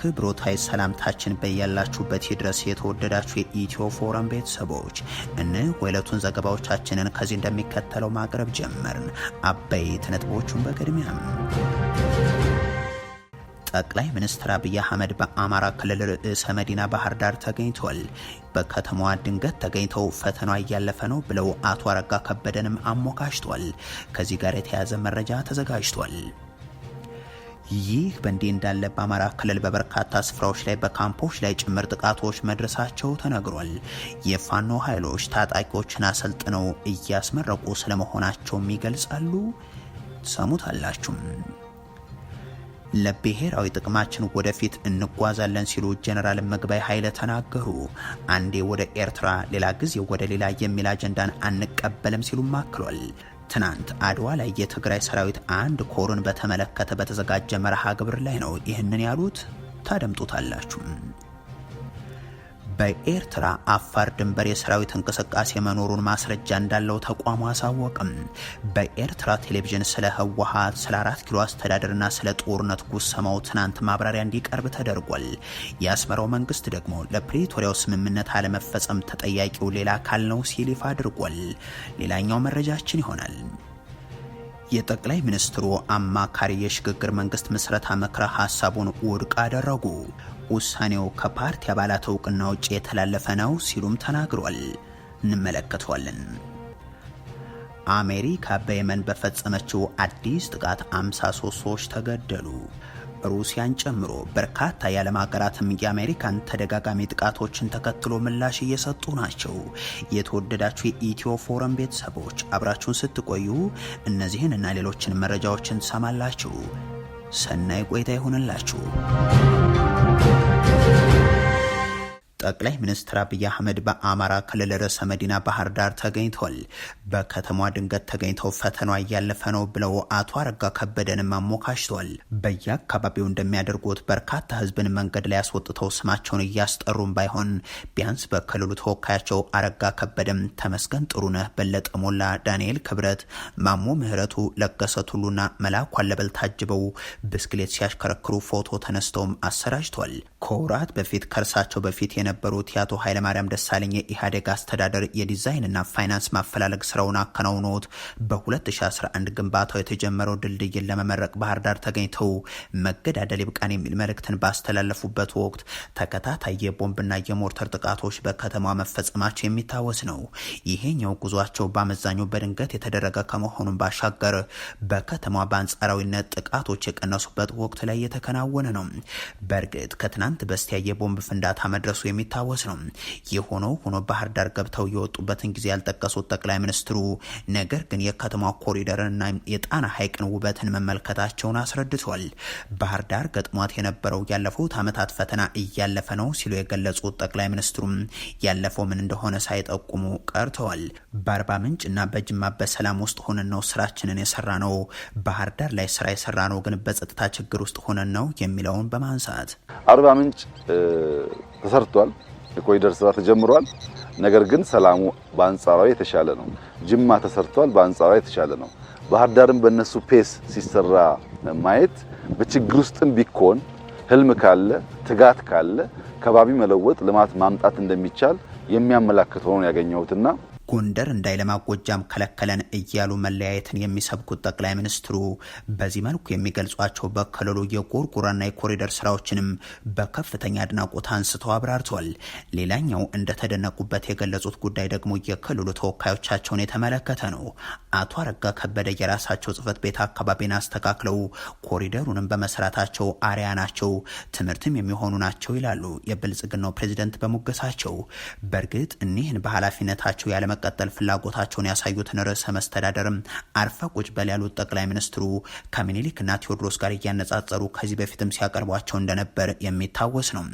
ክብሮታይ ሰላምታችን በያላችሁበት ይድረስ። የተወደዳችሁ የኢትዮ ፎረም ቤተሰቦች እን ወይለቱን ዘገባዎቻችንን ከዚህ እንደሚከተለው ማቅረብ ጀመርን። አበይት ነጥቦቹን በቅድሚያም ጠቅላይ ሚኒስትር አብይ አህመድ በአማራ ክልል ርዕሰ መዲና ባህር ዳር ተገኝቷል። በከተማዋ ድንገት ተገኝተው ፈተናዋ እያለፈ ነው ብለው አቶ አረጋ ከበደንም አሞካሽቷል። ከዚህ ጋር የተያያዘ መረጃ ተዘጋጅቷል። ይህ በእንዲህ እንዳለ በአማራ ክልል በበርካታ ስፍራዎች ላይ በካምፖች ላይ ጭምር ጥቃቶች መድረሳቸው ተነግሯል። የፋኖ ኃይሎች ታጣቂዎችን አሰልጥነው እያስመረቁ ስለመሆናቸውም ይገልጻሉ። ሰሙታላችሁም። ለብሔራዊ ጥቅማችን ወደፊት እንጓዛለን ሲሉ ጀነራል ምግባይ ኃይለ ተናገሩ። አንዴ ወደ ኤርትራ ሌላ ጊዜ ወደ ሌላ የሚል አጀንዳን አንቀበልም ሲሉም አክሏል። ትናንት አድዋ ላይ የትግራይ ሰራዊት አንድ ኮርን በተመለከተ በተዘጋጀ መርሃ ግብር ላይ ነው ይህንን ያሉት። ታደምጡታላችሁ። በኤርትራ አፋር ድንበር የሰራዊት እንቅስቃሴ መኖሩን ማስረጃ እንዳለው ተቋሙ አሳወቅም። በኤርትራ ቴሌቪዥን ስለ ህወሓት፣ ስለ አራት ኪሎ አስተዳደርና ስለ ጦርነት ጉሰማው ትናንት ማብራሪያ እንዲቀርብ ተደርጓል። የአስመራው መንግስት ደግሞ ለፕሪቶሪያው ስምምነት አለመፈጸም ተጠያቂው ሌላ አካል ነው ሲል ይፋ አድርጓል። ሌላኛው መረጃችን ይሆናል። የጠቅላይ ሚኒስትሩ አማካሪ የሽግግር መንግስት ምስረታ ምክረ ሀሳቡን ውድቅ አደረጉ። ውሳኔው ከፓርቲ አባላት እውቅና ውጭ የተላለፈ ነው ሲሉም ተናግሯል። እንመለከተዋለን። አሜሪካ በየመን በፈጸመችው አዲስ ጥቃት 53 ሰዎች ተገደሉ። ሩሲያን ጨምሮ በርካታ የዓለም ሀገራትም የአሜሪካን ተደጋጋሚ ጥቃቶችን ተከትሎ ምላሽ እየሰጡ ናቸው። የተወደዳችሁ የኢትዮ ፎረም ቤተሰቦች አብራችሁን ስትቆዩ እነዚህን እና ሌሎችን መረጃዎችን ትሰማላችሁ። ሰናይ ቆይታ ይሆንላችሁ። ጠቅላይ ሚኒስትር አብይ አህመድ በአማራ ክልል ርዕሰ መዲና ባህር ዳር ተገኝቷል። በከተማዋ ድንገት ተገኝተው ፈተና እያለፈ ነው ብለው አቶ አረጋ ከበደንም አሞካሽቷል። በየአካባቢው እንደሚያደርጉት በርካታ ህዝብን መንገድ ላይ አስወጥተው ስማቸውን እያስጠሩም ባይሆን ቢያንስ በክልሉ ተወካያቸው አረጋ ከበደም ተመስገን ጥሩነህ፣ በለጠ ሞላ፣ ዳንኤል ክብረት፣ ማሞ ምህረቱ፣ ለገሰ ቱሉና መላኩ አለበል ታጅበው ብስክሌት ሲያሽከረክሩ ፎቶ ተነስተውም አሰራጅቷል። ከወራት በፊት ከእርሳቸው በፊት የነበሩት የአቶ ኃይለማርያም ደሳለኝ የኢህአዴግ አስተዳደር የዲዛይንና ፋይናንስ ማፈላለግ ስራውን አከናውኖት በ2011 ግንባታው የተጀመረው ድልድይን ለመመረቅ ባህር ዳር ተገኝተው መገዳደል ይብቃን የሚል መልእክትን ባስተላለፉበት ወቅት ተከታታይ የቦምብና የሞርተር ጥቃቶች በከተማ መፈጸማቸው የሚታወስ ነው። ይሄኛው ጉዟቸው በአመዛኙ በድንገት የተደረገ ከመሆኑን ባሻገር በከተማ በአንጻራዊነት ጥቃቶች የቀነሱበት ወቅት ላይ የተከናወነ ነው። በእርግጥ ከትናንት በስቲያ የቦምብ ፍንዳታ መድረሱ የሚታወስ ነው። ይህ ሆኖ ሆኖ ባህር ዳር ገብተው የወጡበትን ጊዜ ያልጠቀሱት ጠቅላይ ሚኒስትሩ ነገር ግን የከተማ ኮሪደርንና የጣና ሐይቅን ውበትን መመልከታቸውን አስረድቷል። ባህር ዳር ገጥሟት የነበረው ያለፉት ዓመታት ፈተና እያለፈ ነው ሲሉ የገለጹት ጠቅላይ ሚኒስትሩም ያለፈው ምን እንደሆነ ሳይጠቁሙ ቀርተዋል። በአርባ እና በጅማ በሰላም ውስጥ ሆነን ነው ስራችንን የሰራ ነው። ባህር ዳር ላይ ስራ የሰራ ነው ግን በጸጥታ ችግር ውስጥ ሆነን ነው የሚለውን በማንሳት አርባ ምንጭ ተሰርቷል። የኮሪደር ስራ ተጀምሯል። ነገር ግን ሰላሙ በአንጻራዊ የተሻለ ነው። ጅማ ተሰርቷል፣ በአንጻራዊ የተሻለ ነው። ባህር ዳርም በእነሱ ፔስ ሲሰራ ማየት በችግር ውስጥም ቢኮን ህልም ካለ ትጋት ካለ ከባቢ መለወጥ ልማት ማምጣት እንደሚቻል የሚያመላክት ሆኖ ያገኘሁትና ጎንደር እንዳይለማ ጎጃም ከለከለን እያሉ መለያየትን የሚሰብኩት ጠቅላይ ሚኒስትሩ በዚህ መልኩ የሚገልጿቸው በከለሉ የጎርጎራና የኮሪደር ስራዎችንም በከፍተኛ አድናቆት አንስተው አብራርተዋል። ሌላኛው እንደተደነቁበት የገለጹት ጉዳይ ደግሞ የክልሉ ተወካዮቻቸውን የተመለከተ ነው። አቶ አረጋ ከበደ የራሳቸው ጽህፈት ቤት አካባቢን አስተካክለው ኮሪደሩንም በመስራታቸው አሪያ ናቸው፣ ትምህርትም የሚሆኑ ናቸው ይላሉ የብልጽግናው ፕሬዚደንት በሞገሳቸው። በእርግጥ እኒህን በኃላፊነታቸው ያለመ ለመቀጠል ፍላጎታቸውን ያሳዩትን ርዕሰ መስተዳደርም አርፈ ቁጭ በል ያሉት ጠቅላይ ሚኒስትሩ ከምኒልክና ቴዎድሮስ ጋር እያነጻጸሩ ከዚህ በፊትም ሲያቀርቧቸው እንደነበር የሚታወስ ነው።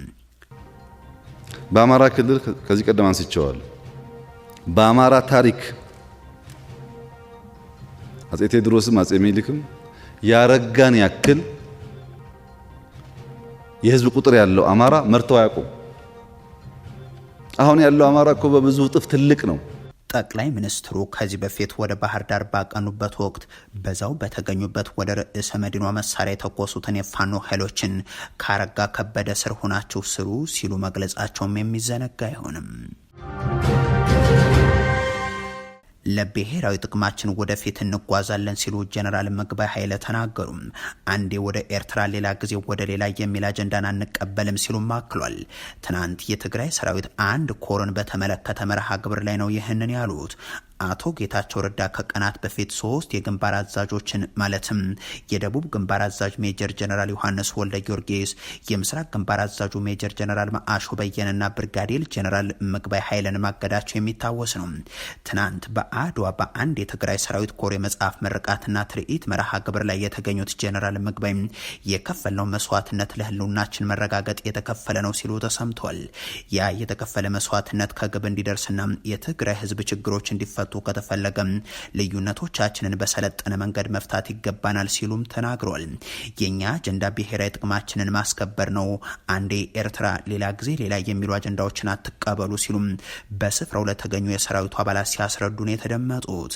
በአማራ ክልል ከዚህ ቀደም አንስቸዋል። በአማራ ታሪክ አጼ ቴዎድሮስም አጼ ሚኒሊክም ያረጋን ያክል የህዝብ ቁጥር ያለው አማራ መርተው አያውቁም። አሁን ያለው አማራ እኮ በብዙ እጥፍ ትልቅ ነው። ጠቅላይ ሚኒስትሩ ከዚህ በፊት ወደ ባህር ዳር ባቀኑበት ወቅት በዛው በተገኙበት ወደ ርዕሰ መዲኗ መሳሪያ የተኮሱትን የፋኖ ኃይሎችን ካረጋ ከበደ ስር ሆናችሁ ስሩ ሲሉ መግለጻቸውም የሚዘነጋ አይሆንም። ለብሔራዊ ጥቅማችን ወደፊት እንጓዛለን ሲሉ ጀነራል ምግባይ ኃይለ ተናገሩ። አንዴ ወደ ኤርትራ ሌላ ጊዜ ወደ ሌላ የሚል አጀንዳን አንቀበልም ሲሉም አክሏል። ትናንት የትግራይ ሰራዊት አንድ ኮርን በተመለከተ መርሃ ግብር ላይ ነው ይህንን ያሉት። አቶ ጌታቸው ረዳ ከቀናት በፊት ሶስት የግንባር አዛዦችን ማለትም የደቡብ ግንባር አዛዥ ሜጀር ጀነራል ዮሐንስ ወልደ ጊዮርጊስ፣ የምስራቅ ግንባር አዛዡ ሜጀር ጀነራል ማአሾ በየነና ብርጋዴር ጀነራል ምግባይ ኃይልን ማገዳቸው የሚታወስ ነው። ትናንት በአድዋ በአንድ የትግራይ ሰራዊት ኮር የመጽሐፍ ምርቃትና ትርኢት መርሃ ግብር ላይ የተገኙት ጀነራል ምግባይ የከፈልነው መስዋዕትነት ለህልውናችን መረጋገጥ የተከፈለ ነው ሲሉ ተሰምቷል። ያ የተከፈለ መስዋዕትነት ከግብ እንዲደርስና የትግራይ ህዝብ ችግሮች እንዲፈቱ እንዲፈቱ ከተፈለገም ልዩነቶቻችንን በሰለጠነ መንገድ መፍታት ይገባናል ሲሉም ተናግሯል። የእኛ አጀንዳ ብሔራዊ ጥቅማችንን ማስከበር ነው። አንዴ ኤርትራ፣ ሌላ ጊዜ ሌላ የሚሉ አጀንዳዎችን አትቀበሉ ሲሉም በስፍራው ለተገኙ የሰራዊቱ አባላት ሲያስረዱ ነው የተደመጡት።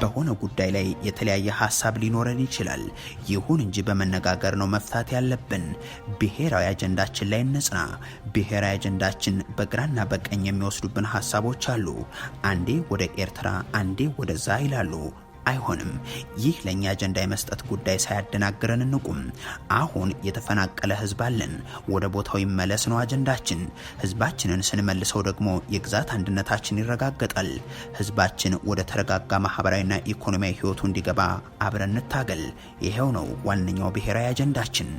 በሆነ ጉዳይ ላይ የተለያየ ሀሳብ ሊኖረን ይችላል። ይሁን እንጂ በመነጋገር ነው መፍታት ያለብን። ብሔራዊ አጀንዳችን ላይ እንጽና። ብሔራዊ አጀንዳችን በግራና በቀኝ የሚወስዱብን ሀሳቦች አሉ። አንዴ ወደ ኤርትራ፣ አንዴ ወደዛ ይላሉ። አይሆንም። ይህ ለእኛ አጀንዳ የመስጠት ጉዳይ ሳያደናግረን እንቁም። አሁን የተፈናቀለ ህዝብ አለን። ወደ ቦታው ይመለስ ነው አጀንዳችን። ህዝባችንን ስንመልሰው ደግሞ የግዛት አንድነታችን ይረጋገጣል። ህዝባችን ወደ ተረጋጋ ማህበራዊና ኢኮኖሚያዊ ህይወቱ እንዲገባ አብረን እንታገል። ይሄው ነው ዋነኛው ብሔራዊ አጀንዳችን።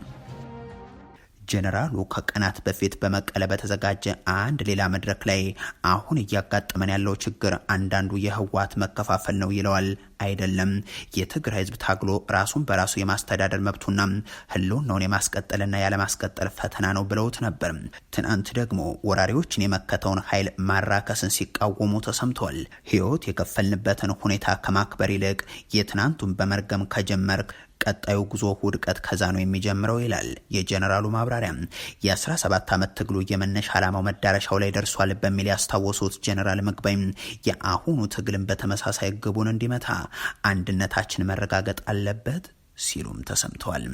ጄኔራሉ ከቀናት በፊት በመቀለ በተዘጋጀ አንድ ሌላ መድረክ ላይ አሁን እያጋጠመን ያለው ችግር አንዳንዱ የህወሓት መከፋፈል ነው ይለዋል። አይደለም የትግራይ ህዝብ ታግሎ ራሱን በራሱ የማስተዳደር መብቱና ህልውናውን የማስቀጠልና ያለማስቀጠል ፈተና ነው ብለውት ነበር። ትናንት ደግሞ ወራሪዎችን የመከተውን ኃይል ማራከስን ሲቃወሙ ተሰምተዋል። ህይወት የከፈልንበትን ሁኔታ ከማክበር ይልቅ የትናንቱን በመርገም ከጀመርክ ቀጣዩ ጉዞ ውድቀት ከዛ ነው የሚጀምረው ይላል የጀነራሉ ማብራሪያ። የ17 ዓመት ትግሉ የመነሻ ዓላማው መዳረሻው ላይ ደርሷል በሚል ያስታወሱት ጀነራል ምግባይ የአሁኑ ትግልን በተመሳሳይ ግቡን እንዲመታ አንድነታችን መረጋገጥ አለበት ሲሉም ተሰምተዋል።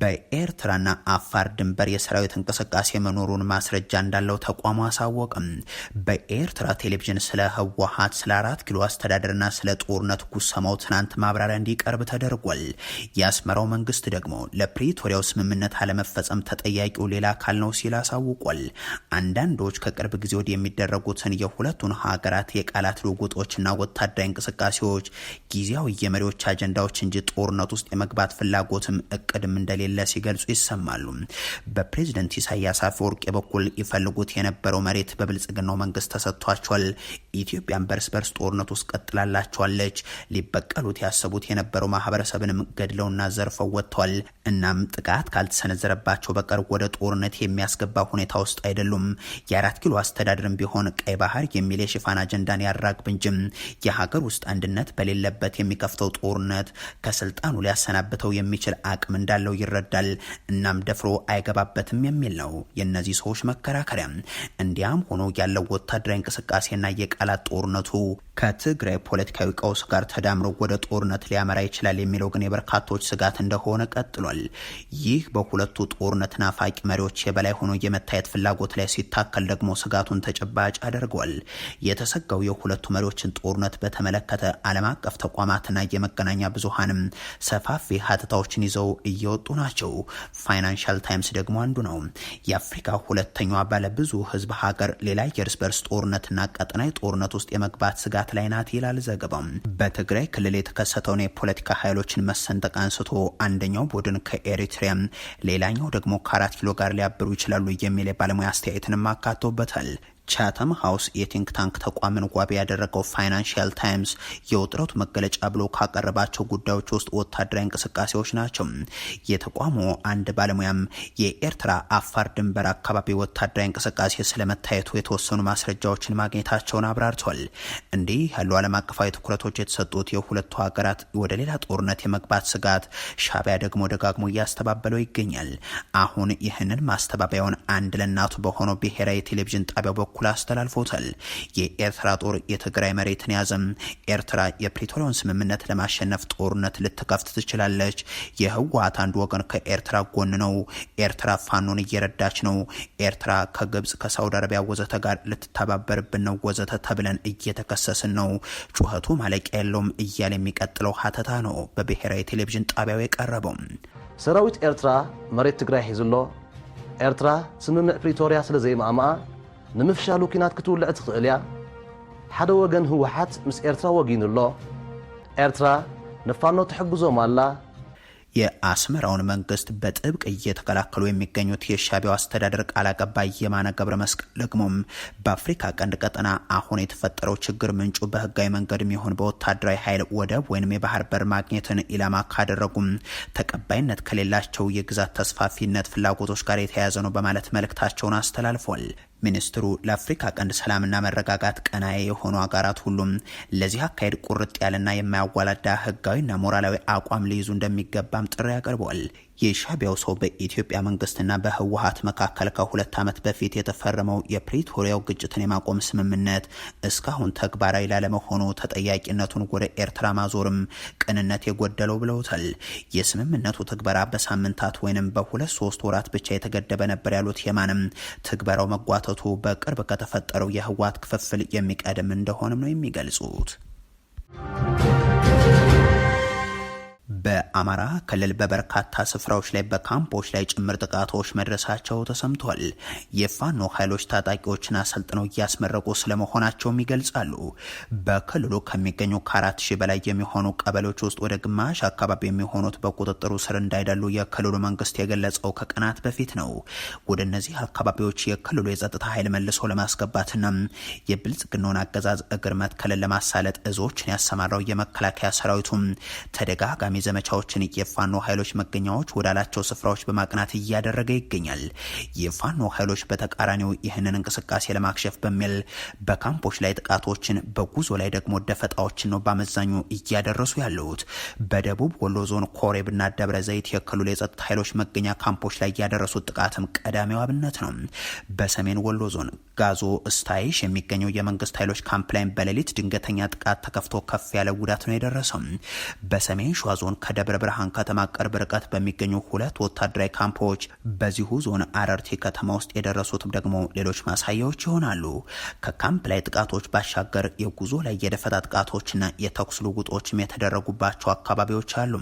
በኤርትራና አፋር ድንበር የሰራዊት እንቅስቃሴ መኖሩን ማስረጃ እንዳለው ተቋሙ አሳወቅም። በኤርትራ ቴሌቪዥን ስለ ህወሀት፣ ስለ አራት ኪሎ አስተዳደርና ስለ ጦርነት ጉሰማው ትናንት ማብራሪያ እንዲቀርብ ተደርጓል። የአስመራው መንግስት ደግሞ ለፕሪቶሪያው ስምምነት አለመፈጸም ተጠያቂው ሌላ አካል ነው ሲል አሳውቋል። አንዳንዶች ከቅርብ ጊዜ ወዲህ የሚደረጉትን የሁለቱን ሀገራት የቃላት ልውውጦችና ወታደራዊ እንቅስቃሴዎች ጊዜያዊ የመሪዎች አጀንዳዎች እንጂ ጦርነት ውስጥ የመግባት ፍላጎትም እቅድም እንደ እንደሌለ ሲገልጹ ይሰማሉ። በፕሬዝደንት ኢሳያስ አፈወርቂ በኩል ይፈልጉት የነበረው መሬት በብልጽግናው መንግስት ተሰጥቷቸዋል። ኢትዮጵያን በርስ በርስ ጦርነት ውስጥ ቀጥላላቸዋለች። ሊበቀሉት ያሰቡት የነበረው ማህበረሰብንም ገድለውና ዘርፈው ወጥተዋል። እናም ጥቃት ካልተሰነዘረባቸው በቀር ወደ ጦርነት የሚያስገባ ሁኔታ ውስጥ አይደሉም። የአራት ኪሎ አስተዳደርም ቢሆን ቀይ ባህር የሚል የሽፋን አጀንዳን ያራግብ እንጂ የሀገር ውስጥ አንድነት በሌለበት የሚከፍተው ጦርነት ከስልጣኑ ሊያሰናብተው የሚችል አቅም እንዳለው ይረዳል። እናም ደፍሮ አይገባበትም የሚል ነው የእነዚህ ሰዎች መከራከሪያ። እንዲያም ሆኖ ያለው ወታደራዊ እንቅስቃሴና የቃላት ጦርነቱ ከትግራይ ፖለቲካዊ ቀውስ ጋር ተዳምሮ ወደ ጦርነት ሊያመራ ይችላል የሚለው ግን የበርካቶች ስጋት እንደሆነ ቀጥሏል። ይህ በሁለቱ ጦርነት ናፋቂ መሪዎች የበላይ ሆኖ የመታየት ፍላጎት ላይ ሲታከል ደግሞ ስጋቱን ተጨባጭ አድርጓል። የተሰጋው የሁለቱ መሪዎችን ጦርነት በተመለከተ ዓለም አቀፍ ተቋማትና የመገናኛ ብዙሃንም ሰፋፊ ሀተታዎችን ይዘው እየወጡ ናቸው። ፋይናንሻል ታይምስ ደግሞ አንዱ ነው። የአፍሪካ ሁለተኛዋ ባለብዙ ህዝብ ሀገር ሌላ የእርስ በርስ ጦርነትና ቀጠናዊ ጦርነት ውስጥ የመግባት ስጋት ላይ ናት ይላል ዘገባው። በትግራይ ክልል የተከሰተውን የፖለቲካ ኃይሎችን መሰንጠቅ አንስቶ አንደኛው ቡድን ከኤሪትሪያ ሌላኛው ደግሞ ከአራት ኪሎ ጋር ሊያብሩ ይችላሉ የሚል የባለሙያ አስተያየትንም አካቶበታል። ቻተም ሀውስ የቲንክ ታንክ ተቋምን ዋቢ ያደረገው ፋይናንሽል ታይምስ የውጥረቱ መገለጫ ብሎ ካቀረባቸው ጉዳዮች ውስጥ ወታደራዊ እንቅስቃሴዎች ናቸው። የተቋሙ አንድ ባለሙያም የኤርትራ አፋር ድንበር አካባቢ ወታደራዊ እንቅስቃሴ ስለመታየቱ የተወሰኑ ማስረጃዎችን ማግኘታቸውን አብራርቷል። እንዲህ ያሉ ዓለም አቀፋዊ ትኩረቶች የተሰጡት የሁለቱ ሀገራት ወደ ሌላ ጦርነት የመግባት ስጋት ሻቢያ ደግሞ ደጋግሞ እያስተባበለው ይገኛል። አሁን ይህንን ማስተባበያውን አንድ ለእናቱ በሆነው ብሔራዊ ቴሌቪዥን ጣቢያው በኩል አስተላልፎታል። የኤርትራ ጦር የትግራይ መሬትን ያዘም፣ ኤርትራ የፕሪቶሪያውን ስምምነት ለማሸነፍ ጦርነት ልትከፍት ትችላለች። የህወሀት አንድ ወገን ከኤርትራ ጎን ነው። ኤርትራ ፋኖን እየረዳች ነው። ኤርትራ ከግብጽ ከሳውዲ አረቢያ ወዘተ ጋር ልትተባበርብን ነው ወዘተ ተብለን እየተከሰስን ነው። ጩኸቱ ማለቂያ የለውም እያለ የሚቀጥለው ሀተታ ነው በብሔራዊ ቴሌቪዥን ጣቢያው የቀረበው። ሰራዊት ኤርትራ መሬት ትግራይ ሒዝሎ ኤርትራ ስምምዕ ፕሪቶሪያ ስለ ንምፍሻሉ ኲናት ክትውልዕ ትኽእል እያ ሓደ ወገን ህወሓት ምስ ኤርትራ ወጊኑኣሎ ኤርትራ ንፋኖ ትሕግዞም ኣላ የአስመራውን መንግስት በጥብቅ እየተከላከሉ የሚገኙት የሻቢያው አስተዳደር ቃል አቀባይ የማነ ገብረ መስቀል ደግሞም በአፍሪካ ቀንድ ቀጠና አሁን የተፈጠረው ችግር ምንጩ በህጋዊ መንገድ የሚሆን በወታደራዊ ኃይል ወደብ ወይም የባህር በር ማግኘትን ኢላማ ካደረጉም ተቀባይነት ከሌላቸው የግዛት ተስፋፊነት ፍላጎቶች ጋር የተያያዘ ነው በማለት መልእክታቸውን አስተላልፏል። ሚኒስትሩ ለአፍሪካ ቀንድ ሰላምና መረጋጋት ቀናዬ የሆኑ አገራት ሁሉም ለዚህ አካሄድ ቁርጥ ያለና የማያዋላዳ ህጋዊና ሞራላዊ አቋም ሊይዙ እንደሚገባም ጥሪ አቅርበዋል። የሻቢያው ሰው በኢትዮጵያ መንግስትና በህወሀት መካከል ከሁለት ዓመት በፊት የተፈረመው የፕሪቶሪያው ግጭትን የማቆም ስምምነት እስካሁን ተግባራዊ ላለመሆኑ ተጠያቂነቱን ወደ ኤርትራ ማዞርም ቅንነት የጎደለው ብለውታል። የስምምነቱ ትግበራ በሳምንታት ወይንም በሁለት ሶስት ወራት ብቻ የተገደበ ነበር ያሉት የማንም ትግበራው መጓተቱ በቅርብ ከተፈጠረው የህወሀት ክፍፍል የሚቀድም እንደሆነም ነው የሚገልጹት። በአማራ ክልል በበርካታ ስፍራዎች ላይ በካምፖች ላይ ጭምር ጥቃቶች መድረሳቸው ተሰምቷል። የፋኖ ኃይሎች ታጣቂዎችን አሰልጥነው እያስመረቁ ስለመሆናቸውም ይገልጻሉ። በክልሉ ከሚገኙ ከአራት ሺህ በላይ የሚሆኑ ቀበሌዎች ውስጥ ወደ ግማሽ አካባቢ የሚሆኑት በቁጥጥሩ ስር እንዳይደሉ የክልሉ መንግስት የገለጸው ከቀናት በፊት ነው። ወደ እነዚህ አካባቢዎች የክልሉ የጸጥታ ኃይል መልሶ ለማስገባትና የብልጽግናውን አገዛዝ እግር መትከልን ለማሳለጥ እዞችን ያሰማራው የመከላከያ ሰራዊቱም ተደጋጋሚ ተደጋጋሚ ዘመቻዎችን የፋኖ ኃይሎች መገኛዎች ወዳላቸው ስፍራዎች በማቅናት እያደረገ ይገኛል። የፋኖ ኃይሎች በተቃራኒው ይህንን እንቅስቃሴ ለማክሸፍ በሚል በካምፖች ላይ ጥቃቶችን፣ በጉዞ ላይ ደግሞ ደፈጣዎችን ነው በአመዛኙ እያደረሱ ያሉት። በደቡብ ወሎ ዞን ኮሬብና ደብረ ዘይት የክልሉ የጸጥታ ኃይሎች መገኛ ካምፖች ላይ እያደረሱት ጥቃትም ቀዳሚው አብነት ነው። በሰሜን ወሎ ዞን ጋዞ ስታይሽ የሚገኘው የመንግስት ኃይሎች ካምፕ ላይም በሌሊት ድንገተኛ ጥቃት ተከፍቶ ከፍ ያለ ጉዳት ነው የደረሰው። በሰሜን ሸዋ ዞን ከደብረ ብርሃን ከተማ ቅርብ ርቀት በሚገኙ ሁለት ወታደራዊ ካምፖች፣ በዚሁ ዞን አረርቲ ከተማ ውስጥ የደረሱትም ደግሞ ሌሎች ማሳያዎች ይሆናሉ። ከካምፕ ላይ ጥቃቶች ባሻገር የጉዞ ላይ የደፈጣ ጥቃቶችና የተኩስ ልውጦችም የተደረጉባቸው አካባቢዎች አሉ።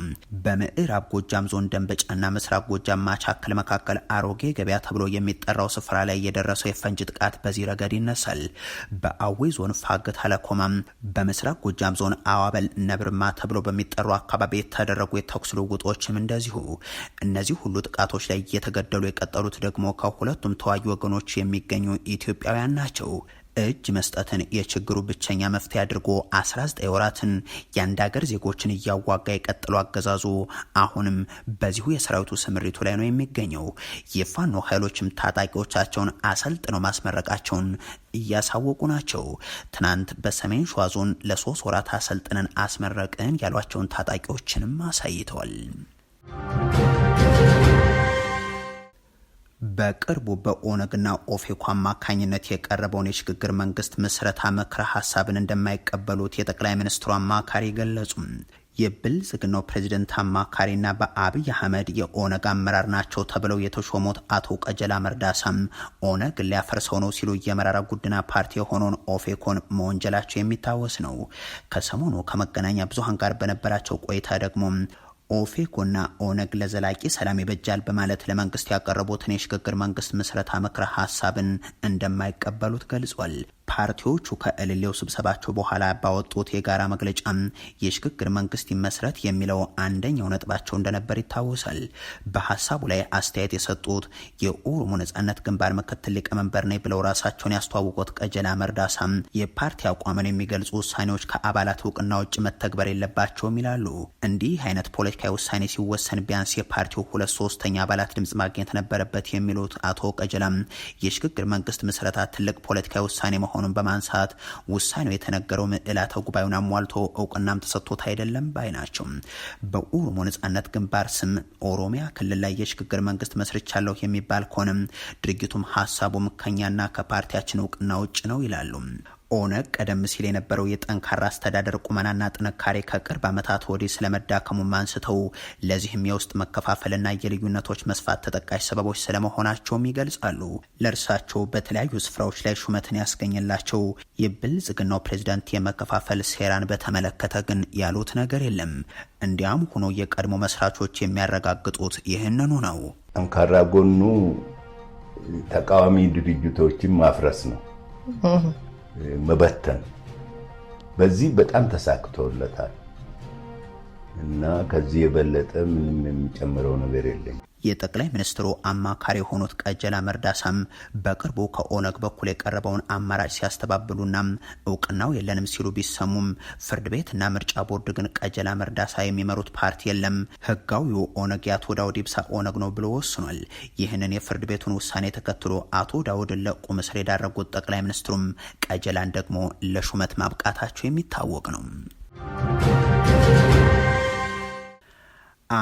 በምዕራብ ጎጃም ዞን ደንበጫና ምስራቅ ጎጃም ማቻከል መካከል አሮጌ ገበያ ተብሎ የሚጠራው ስፍራ ላይ የደረሰው የፈንጅ ጥቃት በዚህ ረገድ ይነሳል። በአዊ ዞን ፋግታ ለኮማም፣ በምስራቅ ጎጃም ዞን አዋበል ነብርማ ተብሎ በሚጠሩ አካባቢ የተደረጉ የተኩስ ልውውጦችም እንደዚሁ። እነዚህ ሁሉ ጥቃቶች ላይ እየተገደሉ የቀጠሉት ደግሞ ከሁለቱም ተዋጊ ወገኖች የሚገኙ ኢትዮጵያውያን ናቸው። እጅ መስጠትን የችግሩ ብቸኛ መፍትሄ አድርጎ 19 ወራትን የአንድ ሀገር ዜጎችን እያዋጋ የቀጥሎ አገዛዙ አሁንም በዚሁ የሰራዊቱ ስምሪቱ ላይ ነው የሚገኘው። የፋኖ ኃይሎችም ታጣቂዎቻቸውን አሰልጥነው ማስመረቃቸውን እያሳወቁ ናቸው። ትናንት በሰሜን ሸዋ ዞን ለሶስት ወራት አሰልጥነን አስመረቅን ያሏቸውን ታጣቂዎችንም አሳይተዋል። በቅርቡ በኦነግና ኦፌኮ አማካኝነት የቀረበውን የሽግግር መንግስት ምስረታ ምክረ ሀሳብን እንደማይቀበሉት የጠቅላይ ሚኒስትሩ አማካሪ ገለጹም። የብልጽግናው ፕሬዚደንት አማካሪና በአብይ አህመድ የኦነግ አመራር ናቸው ተብለው የተሾሙት አቶ ቀጀላ መርዳሳም ኦነግ ሊያፈርሰው ነው ሲሉ የመራራ ጉድና ፓርቲ የሆነውን ኦፌኮን መወንጀላቸው የሚታወስ ነው። ከሰሞኑ ከመገናኛ ብዙሃን ጋር በነበራቸው ቆይታ ደግሞ ኦፌኮና ኦነግ ለዘላቂ ሰላም ይበጃል በማለት ለመንግስት ያቀረቡትን የሽግግር መንግስት ምስረታ ምክረ ሀሳብን እንደማይቀበሉት ገልጿል። ፓርቲዎቹ ከእልሌው ስብሰባቸው በኋላ ባወጡት የጋራ መግለጫ የሽግግር መንግስት ይመስረት የሚለው አንደኛው ነጥባቸው እንደነበር ይታወሳል። በሀሳቡ ላይ አስተያየት የሰጡት የኦሮሞ ነጻነት ግንባር ምክትል ሊቀመንበር ነኝ ብለው ራሳቸውን ያስተዋውቁት ቀጀላ መርዳሳ የፓርቲ አቋምን የሚገልጹ ውሳኔዎች ከአባላት እውቅና ውጭ መተግበር የለባቸውም ይላሉ። እንዲህ አይነት ፖለቲካዊ ውሳኔ ሲወሰን ቢያንስ የፓርቲው ሁለት ሶስተኛ አባላት ድምጽ ማግኘት ነበረበት የሚሉት አቶ ቀጀላም የሽግግር መንግስት ምስረታ ትልቅ ፖለቲካዊ ውሳኔ መሆ መሆኑን በማንሳት ውሳኔው የተነገረው ምዕላተ ጉባኤውን አሟልቶ እውቅናም ተሰጥቶት አይደለም ባይ ናቸው። በኦሮሞ ነጻነት ግንባር ስም ኦሮሚያ ክልል ላይ የሽግግር መንግስት መስርቻለሁ የሚባል ከሆነም ድርጊቱም ሀሳቡም ከኛና ከፓርቲያችን እውቅና ውጭ ነው ይላሉ። ኦነግ ቀደም ሲል የነበረው የጠንካራ አስተዳደር ቁመናና ጥንካሬ ከቅርብ ዓመታት ወዲህ ስለመዳከሙም አንስተው ለዚህም የውስጥ መከፋፈልና የልዩነቶች መስፋት ተጠቃሽ ሰበቦች ስለመሆናቸውም ይገልጻሉ። ለእርሳቸው በተለያዩ ስፍራዎች ላይ ሹመትን ያስገኝላቸው የብልጽግናው ፕሬዚዳንት የመከፋፈል ሴራን በተመለከተ ግን ያሉት ነገር የለም። እንዲያም ሆኖ የቀድሞ መስራቾች የሚያረጋግጡት ይህንኑ ነው። ጠንካራ ጎኑ ተቃዋሚ ድርጅቶችን ማፍረስ ነው። መበተን በዚህ በጣም ተሳክቶለታል እና ከዚህ የበለጠ ምንም የሚጨምረው ነገር የለኝ። የጠቅላይ ሚኒስትሩ አማካሪ የሆኑት ቀጀላ መርዳሳም በቅርቡ ከኦነግ በኩል የቀረበውን አማራጭ ሲያስተባብሉና እውቅናው የለንም ሲሉ ቢሰሙም ፍርድ ቤትና ምርጫ ቦርድ ግን ቀጀላ መርዳሳ የሚመሩት ፓርቲ የለም፣ ህጋዊው ኦነግ የአቶ ዳውድ ኢብሳ ኦነግ ነው ብሎ ወስኗል። ይህንን የፍርድ ቤቱን ውሳኔ ተከትሎ አቶ ዳውድን ለቁም እስር የዳረጉት ጠቅላይ ሚኒስትሩም ቀጀላን ደግሞ ለሹመት ማብቃታቸው የሚታወቅ ነው።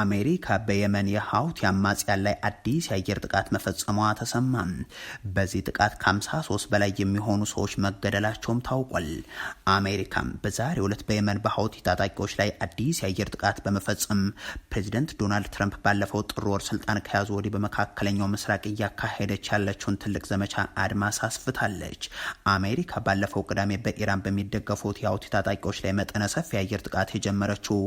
አሜሪካ በየመን የሀውቲ አማጽያን ላይ አዲስ የአየር ጥቃት መፈጸሟ ተሰማ። በዚህ ጥቃት ከ53 በላይ የሚሆኑ ሰዎች መገደላቸውም ታውቋል። አሜሪካም በዛሬው ዕለት በየመን በሀውቲ ታጣቂዎች ላይ አዲስ የአየር ጥቃት በመፈጸም ፕሬዚደንት ዶናልድ ትራምፕ ባለፈው ጥር ወር ስልጣን ከያዙ ወዲህ በመካከለኛው ምስራቅ እያካሄደች ያለችውን ትልቅ ዘመቻ አድማስ አስፍታለች። አሜሪካ ባለፈው ቅዳሜ በኢራን በሚደገፉት የሀውቲ ታጣቂዎች ላይ መጠነ ሰፊ የአየር ጥቃት የጀመረችው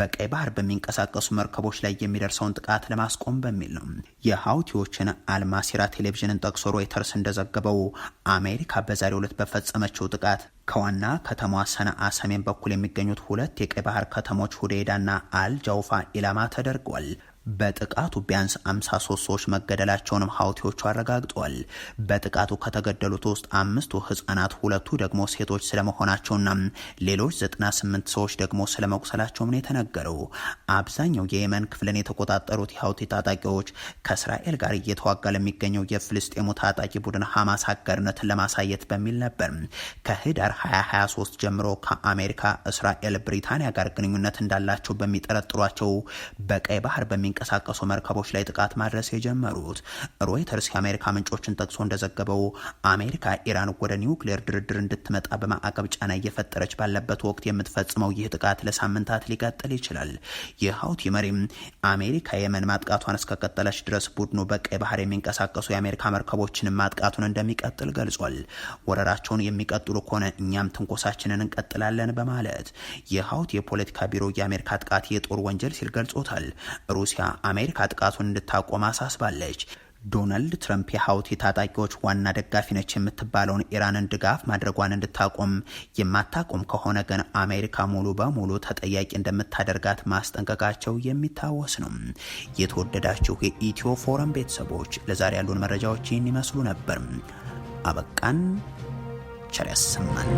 በቀይ ባህር በሚንቀሳቀሱ መርከቦች ላይ የሚደርሰውን ጥቃት ለማስቆም በሚል ነው። የሀውቲዎችን አልማሲራ ቴሌቪዥንን ጠቅሶ ሮይተርስ እንደዘገበው አሜሪካ በዛሬው ዕለት በፈጸመችው ጥቃት ከዋና ከተማዋ ሰነአ ሰሜን በኩል የሚገኙት ሁለት የቀይ ባህር ከተሞች ሁዴዳና አልጃውፋ ኢላማ ተደርገዋል። በጥቃቱ ቢያንስ 53 ሰዎች መገደላቸውንም ሀውቲዎቹ አረጋግጧል። በጥቃቱ ከተገደሉት ውስጥ አምስቱ ህጻናት፣ ሁለቱ ደግሞ ሴቶች ስለመሆናቸውና ሌሎች 98 ሰዎች ደግሞ ስለመቁሰላቸውም ነው የተነገረው። አብዛኛው የየመን ክፍልን የተቆጣጠሩት የሀውቲ ታጣቂዎች ከእስራኤል ጋር እየተዋጋ ለሚገኘው የፍልስጤሙ ታጣቂ ቡድን ሐማስ አጋርነትን ለማሳየት በሚል ነበር ከህዳር 2023 ጀምሮ ከአሜሪካ፣ እስራኤል፣ ብሪታንያ ጋር ግንኙነት እንዳላቸው በሚጠረጥሯቸው በቀይ ባህር በሚ በሚንቀሳቀሱ መርከቦች ላይ ጥቃት ማድረስ የጀመሩት። ሮይተርስ የአሜሪካ ምንጮችን ጠቅሶ እንደዘገበው አሜሪካ ኢራን ወደ ኒውክሌር ድርድር እንድትመጣ በማዕቀብ ጫና እየፈጠረች ባለበት ወቅት የምትፈጽመው ይህ ጥቃት ለሳምንታት ሊቀጥል ይችላል። የሀውቲ መሪም አሜሪካ የመን ማጥቃቷን እስከቀጠለች ድረስ ቡድኑ በቀይ ባህር የሚንቀሳቀሱ የአሜሪካ መርከቦችን ማጥቃቱን እንደሚቀጥል ገልጿል። ወረራቸውን የሚቀጥሉ ከሆነ እኛም ትንኮሳችንን እንቀጥላለን በማለት የሀውቲ የፖለቲካ ቢሮ የአሜሪካ ጥቃት የጦር ወንጀል ሲል ገልጾታል። ሩሲያ አሜሪካ ጥቃቱን እንድታቆም አሳስባለች። ዶናልድ ትረምፕ የሀውቲ ታጣቂዎች ዋና ደጋፊ ነች የምትባለውን ኢራንን ድጋፍ ማድረጓን እንድታቆም የማታቆም ከሆነ ግን አሜሪካ ሙሉ በሙሉ ተጠያቂ እንደምታደርጋት ማስጠንቀቃቸው የሚታወስ ነው። የተወደዳችሁ የኢትዮ ፎረም ቤተሰቦች ለዛሬ ያሉን መረጃዎች ይህን ይመስሉ ነበር። አበቃን። ቸር ያሰማን።